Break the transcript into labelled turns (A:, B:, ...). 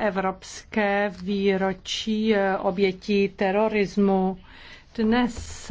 A: Evropské výročí eh, obětí terorismu. Dnes